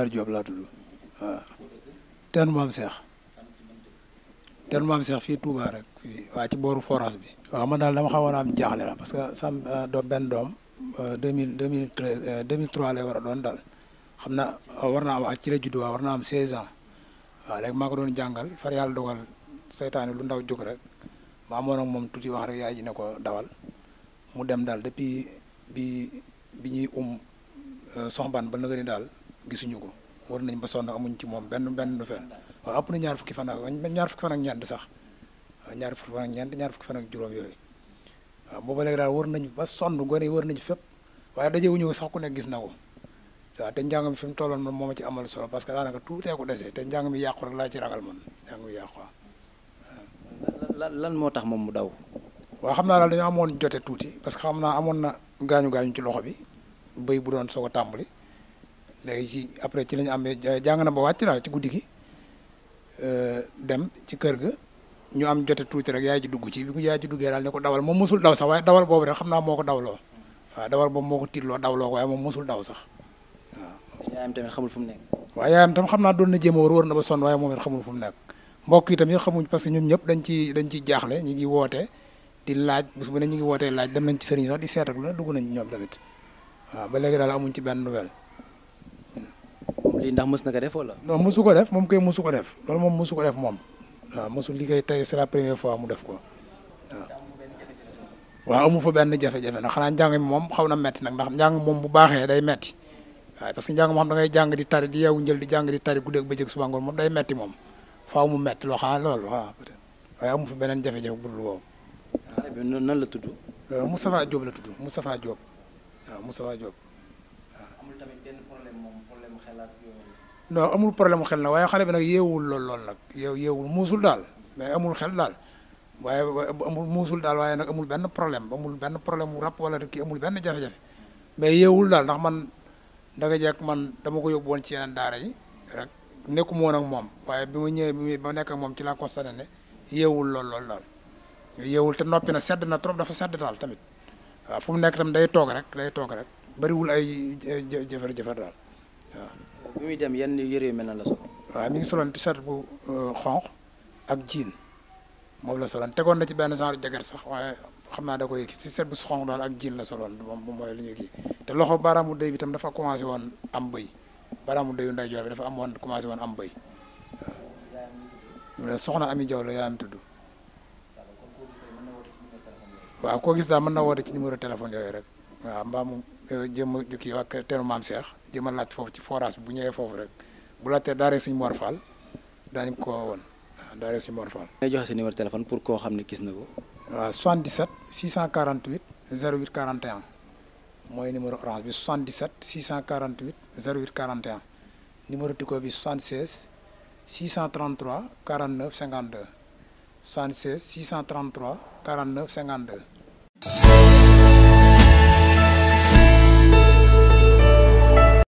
Maxar Diop laa tudd waaw ten maam Cheikh ten maam Cheikh fii Touba rek fii waa ci booru forage bi waaw man daal dama xawoon am jaaxle la parce que sam euh, doom benn doom euh, deux mille deux mille treize euh, deux mille lay war doon daal xam na war naa am ak ci la judd waa war na am seize ans waaw léegi maa ko doon jàngal far yàlla dogal seytaane lu ndaw jóg rek ma amoon ak moom tuuti wax rek yaay ji ne ko dawal mu dem daal depuis bi bi ñuy um soxban ba nga ni daal gisuñu ko war nañ ba sonn amuñ ci moom benn benn nouvelle waaw ëpp na ñaar fukki fan ak ñaar fukki fan ak ñeent sax ñaar fukki fan ak ñeent ñaar fukki fan ak juróom yooyu waaw booba léegi daal war nañ ba sonn gone yi war nañ fépp waaye daje wuñu sax ku nekk gis na ko waaw te njàng mi fi mu tolloon man moo ci amal solo parce que daanaka tuutee ko dese te njàng yàqu rek laa ci ragal man njàng mi yàqu lan lan moo tax moom mu daw. waa xam naa daal dañoo amoon jote tuuti parce que xam naa amoon na gaañu gaañu ci loxo bi bay bu doon soog a tàmbali. léegi ci après ci la ñu amee jàng na ba wàcc daal ci guddi gi euh, dem ci kër ga ñu am jote tuuti rek yaay ji dugg ci bi ko yaay ji duggee daal ne ko dawal moom mosul daw sax waaye dawal boobu rek xam naa moo ko dawloo waaw dawal boobu moo ko waaye moom mosul daw sax waaw. yaayam tamit xamul fu mu nekk. waaye yaayam tam xam naa doon na jéem a wër wër na ba sonn waaye moom it xamul fu mu nekk mbokk yi tamit xamuñ parce que ñun ñëpp dañ ci dañ ciy jaaxle ñu ngi wootee di laaj bés bu ne ñu ngi wootee laaj dem nañ ci sëriñ sax di seet ak dugg nañ ñoom tamit waaw ba léegi daal amuñ ci benn nouvelle lii ndax mës na ko def wala. non mësu ko def moom kay mësu ko def loolu moom mësu ko def moom waaw mësul liggéey tey c'est la première fois mu def ko waaw. waaw amu benn jafe-jafe xanaa njàng mi moom xaw na metti nag ndax njàng moom bu baaxee day metti waaw que njàng moo da ngay jàng di tari di yeewu njël di jàng di tari guddeeg bëccëg suba ngoon moom day metti moom faaw mu metti loo xam loolu waaw peut amu fa beneen jafe-jafe bu dul woowu. waaw nan la tudd. Moustapha Diop la tudd Moustapha amul tamit benn problème moom problème xel ak yooyu. amul problème xel nag waaye xale bi nag yeewul lool lool nag yeew yeewul muusul daal mais amul xel daal waaye amul muusul daal waaye nag amul benn problème amul benn problème wu rab wala kii amul benn jafe-jafe mais yeewul daal ndax man danga jekk man dama ko yóbbu woon ci yeneen daara yi rek nekkuma woon ak moom waaye bi ma ñëwee bi ma nekk moom ci laa constaté ne yeewul lool lool daal yeewul te noppi na sedd na trop dafa sedd daal tamit waaw fu mu nekk tam day toog rek day toog rek. bariwul ay jafar-jafar daal waaw. bi muy dem yenn yëre yu mel na la solo. waaw mi ngi soloon t-shirt bu euh, xonq ak jiin moom la soloon tegoon na ci benn genre jagar sax waaye xam naa da koy t-shirt bu xonq daal ak jiin la soloon moom mooy li ñuy kii te loxo baaraamu dëy bi tam dafa commencé woon am bëy baaraamu dëyu ndeyjoor bi dafa am woon commencé woon am bëy waaw. soxna Ami Jaw la yaayam tudd. waaw koo gis daal mën na woote ci numéro téléphone yooyu rek. waaw mbaamu jëm a jukki waa teenu maam Cheikh jëm a laaj foofu ci forage bu ñëwee foofu rek bu laajtee daaree suñu Mor Fall daañu ko woon waaw daaree suñu Mor Fall. ngay joxe sa numéro téléphone pour koo xam ne gis na ko. waaw 77 648 08 41 mooy numéro orange bi 77 648 08 41 numéro Tigo bi 76 633 49 52 76 633 49 52.